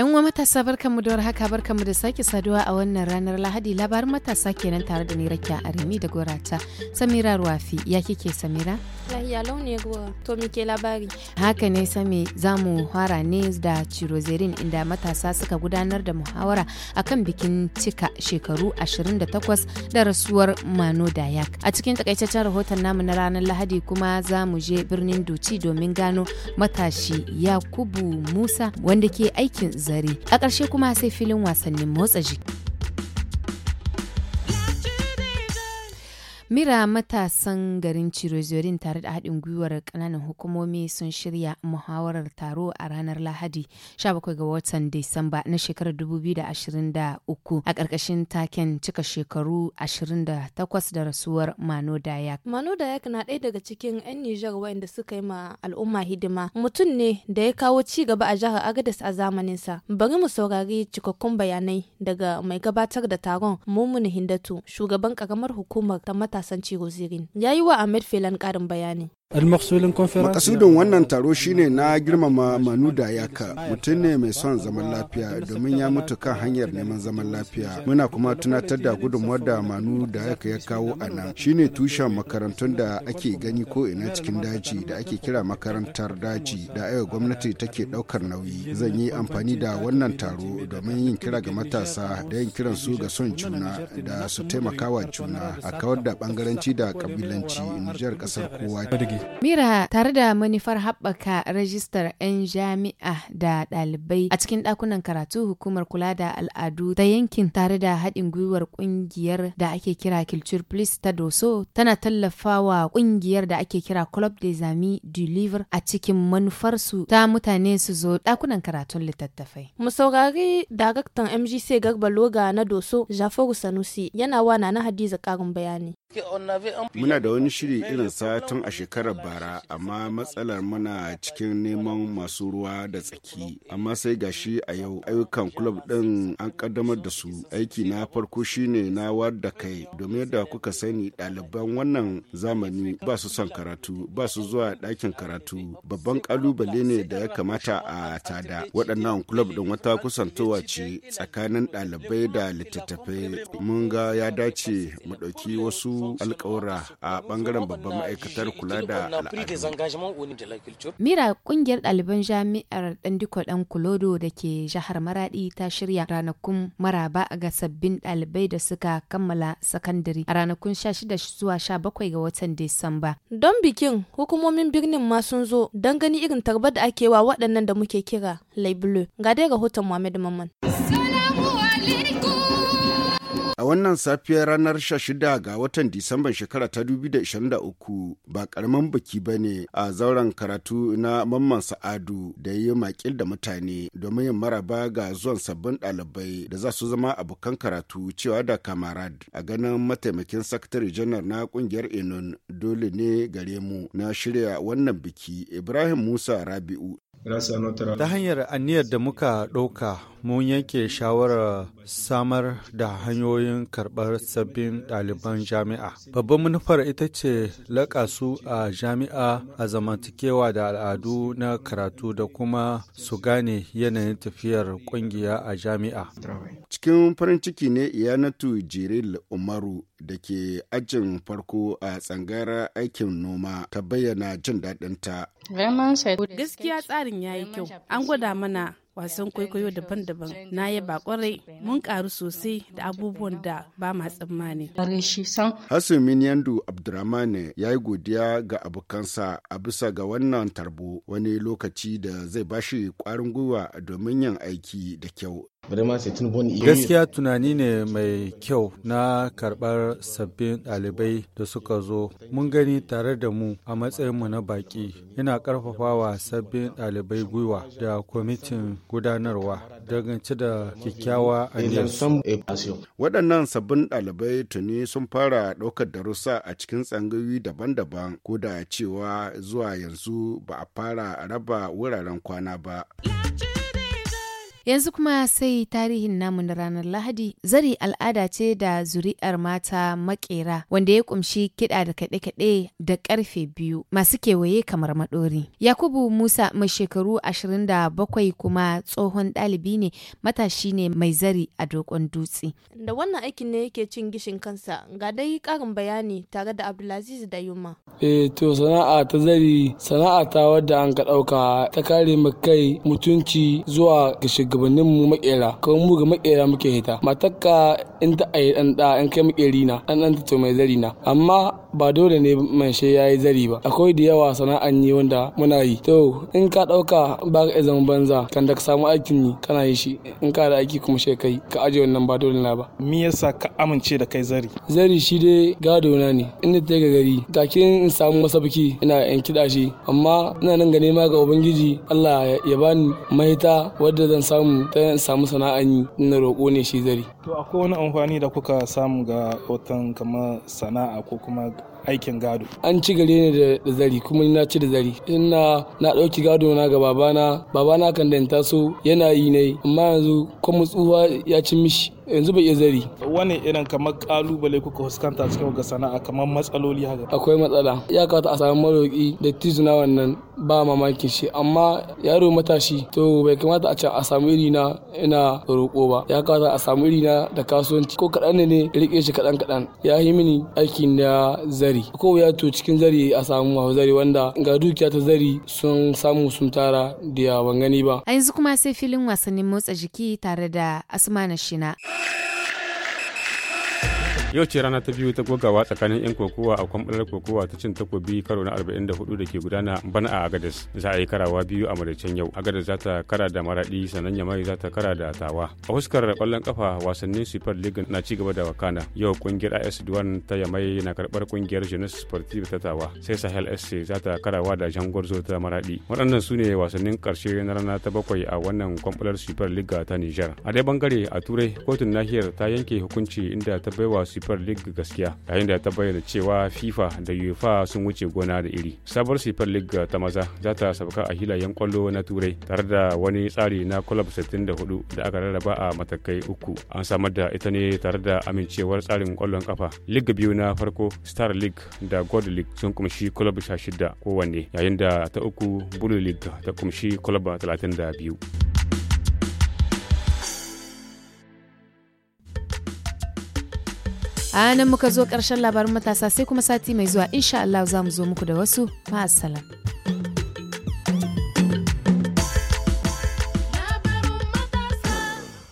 'Yan uwa matasa barkanmu da haka barkanmu da sake saduwa a wannan ranar Lahadi labarin matasa kenan tare da ni Rakiya Arimi da Gorata. Samira Ruwafi ya kike Samira? Lahiya launi ruwa to muke labari. Haka ne sami za mu fara ne da Cirozerin inda matasa suka gudanar da muhawara a kan bikin cika shekaru 28 da rasuwar Mano Dayak. A cikin takaitaccen rahoton namu na ranar Lahadi kuma za mu je birnin Doci domin gano matashi Yakubu Musa wanda ke aikin zare a ƙarshe kuma sai filin wasannin motsa jiki Mira matasan garin Cirozorin tare da haɗin gwiwar ƙananan hukumomi sun shirya muhawarar taro a ranar Lahadi 17 ga watan Disamba na shekarar 2023 a ƙarƙashin taken cika shekaru 28 da rasuwar Mano Dayak. Mano Dayak na ɗaya daga cikin 'yan Nijar waɗanda suka yi ma al'umma hidima. Mutum ne da ya kawo ci gaba a jihar Agadez a zamaninsa. Bari mu saurari cikakkun bayanai daga mai gabatar da taron Mumuni Hindatu, shugaban ƙaramar hukumar ta matasa kasance Cigozidin ya yi wa Ahmed Felan ƙarin bayani. Makasudin wannan taro shine na girmama manu da Yaka mutum ne mai son zaman lafiya domin ya mutu kan hanyar neman zaman lafiya. Muna kuma tunatar da gudunmuwar da manu da Yaka ya kawo a nan shine tushen makarantun da ake gani ko ina cikin daji da ake kira makarantar daji da aya gwamnati take daukar nauyi. Zan yi amfani da wannan taro domin yin kira ga matasa da yin kiran su ga son juna da su taimakawa juna a kawar da bangaranci da kabilanci Nijar kasar kowa. Mira tare da manufar haɓaka rajistar 'yan jami'a da ɗalibai a cikin ɗakunan karatu hukumar kula da al'adu ta yankin tare da haɗin gwiwar ƙungiyar da ake kira Culture Police ta Doso tana tallafa wa ƙungiyar da ake kira Club des Amis Deliver a cikin manufarsu ta mutane su zo ɗakunan karatun littattafai. Mu saurari daraktan MGC Garba Loga na Doso Jafaru Sanusi yana wa na Hadiza ƙarin bayani. Muna da wani shiri irin sa tun a shekarar bara, amma matsalar muna cikin neman masu ruwa da tsaki. Amma sai gashi a yau ayyukan kulob ɗin an kaddamar da su. Aiki na farko shine na war da kai, domin yadda kuka sani ɗaliban wannan zamani ba su son karatu, ba su zuwa ɗakin karatu. Babban ƙalubale ne da ya kamata a tada. Waɗannan kulob ɗin wata kusantowa ce tsakanin ɗalibai da littattafai. Mun ga ya dace mu ɗauki wasu alkawura a bangaren babban ma'aikatar kula da al'adu. Mira kungiyar ɗaliban jami'ar Ɗandiko ɗan Kulodo da ke jihar maraɗi ta shirya ranakun maraba ga sabbin ɗalibai da suka kammala sakandare a ranakun 16 zuwa bakwai ga watan Disamba. Don bikin hukumomin birnin ma sun zo don gani irin tarbar da ake wa waɗannan da muke kira Laibulu. Ga dai rahoton Muhammadu Mamman. Salamu alaikum. A wannan safiyar ranar 16 ga watan Disamban shekara ta 2023 ba karamin biki ba ne a zauren karatu na Mamman Sa'adu da yi makil da mutane domin yin maraba ga zuwan sabbin ɗalibai da za su zama abokan karatu cewa da kamarad. A ganin mataimakin sakatare janar na kungiyar Enon dole ne gare mu na shirya wannan biki Ibrahim Musa Rabi'u ta hanyar aniyar da muka ɗauka mun yanke shawarar samar da hanyoyin karɓar sabbin ɗaliban jami'a babban manufar ita ce laƙasu a jami'a a zamantakewa da al'adu na karatu da kuma su gane yanayin tafiyar ƙungiya a jami'a cikin farin ciki ne iyanatu jiril umaru da ke ajin farko a tsangayar aikin noma ta bayyana jin daɗinta. Gaskiya tsarin ya yi kyau, an gwada mana wasan kwaikwayo daban-daban na yaba kwarai mun karu sosai da abubuwan da ba ma tsammani. Hasumin Yandu Abdurrahmane ya yi godiya ga abokansa a bisa ga wannan tarbo wani lokaci da zai bashi kwarin gwiwa domin yin aiki da kyau. Gaskiya tunani ne mai kyau na karɓar sabbin ɗalibai da suka zo. Mun gani tare da mu a matsayinmu na baƙi. Ina wa sabbin ɗalibai gwiwa da kwamitin gudanarwa dangance da kyakkyawa a eh, eh, Waɗannan sabbin ɗalibai tuni sun fara ɗaukar darussa a cikin tsangayoyi daban-daban ko da cewa zuwa yanzu ba a fara raba wuraren kwana ba. Yanzu kuma sai tarihin namu na ranar Lahadi, zari al'ada ce da zuri'ar mata makera wanda ya kumshi kiɗa da kaɗe-kaɗe da ƙarfe biyu masu kewaye kamar maɗori. Yakubu Musa mai shekaru bakwai kuma tsohon ɗalibi ne matashi ne mai zari a dokon dutse. Da wannan aikin ne yake cin gishin kansa ga dai karin bayani tare da Abdulaziz da Yuma. Eh to sana'a ta zari sana'a ta wadda an ka ɗauka ta kare kai mutunci zuwa ga shugabannin mu makera kawai mu ga makera muke hita matakka in ta ayi dan da in kai makeri rina dan dan to mai zari na amma ba dole ne man she yayi zari ba akwai da yawa sana'an yi wanda muna yi to in ka dauka ba ka zaman banza kan da ka samu aikin ni kana yi shi in ka da aiki kuma she kai ka aje wannan ba dole na ba me yasa ka amince da kai zari zari shi dai gado na ne in ta ga gari kakin in samu masabki ina yan kida shi amma ina nan gane ma ga ubangiji Allah ya bani mahita wadda zan samu ta samu sana'an yi na roƙo ne shi zari to akwai wani amfani da kuka samu ga hoton kamar sana'a ko kuma aikin gado an ci gare ni da zari kuma na ci da zari ina na ɗauki gado na ga babana babana kan da so yana yi ne amma yanzu kuma tsufa ya ci mishi yanzu bai iya zari wani irin kamar kalubale kuka fuskanta cikin ga sana'a kamar matsaloli haka akwai matsala ya kawata a samu maroƙi da tizuna wannan ba mamaki shi amma yaro matashi to bai kamata a ce a samu iri na ina roƙo ba ya kawata a samu iri na da kasuwanci ko kaɗan ne rike shi kaɗan kaɗan ya yi mini aikin da zari ko ya to cikin zari a samu masu zari wanda ga dukiya ta zari sun samu sun tara da ban gani ba a yanzu kuma sai filin wasannin motsa jiki tare da asmana shina yau ce rana ta biyu ta gogawa tsakanin 'yan kokowa a kwamɓalar kokowa ta cin takobi karo na 44 da ke gudana bana a agadis za a yi karawa biyu a maraicen yau agadis za ta kara da maraɗi sannan mai za ta kara da tawa a fuskar kwallon kafa wasannin super league na ci gaba da wakana yau kungiyar is duwan ta mai na karbar kungiyar jeunesse sportive ta tawa sai sahel sc za ta karawa da gwarzo ta maraɗi waɗannan su ne wasannin ƙarshe na rana ta bakwai a wannan kwamɓalar super league ta niger a dai bangare a turai kotun nahiyar ta yanke hukunci inda ta baiwa super league gaskiya yayin da ta bayyana cewa fifa da uefa sun wuce gona da iri sabuwar super league ta maza za ta sauka a hilayen kwallo na turai tare da wani tsari na club 64 da aka rarraba a matakai uku an samar da ita ne tare da amincewar tsarin kwallon kafa league biyu na farko star league da god league sun kumshi club 16 kowanne yayin da ta uku blue league ta kumshi club 32 a nan muka zo ƙarshen labarin matasa sai kuma sati mai zuwa insha Allah za mu zo muku da wasu ma'asalam.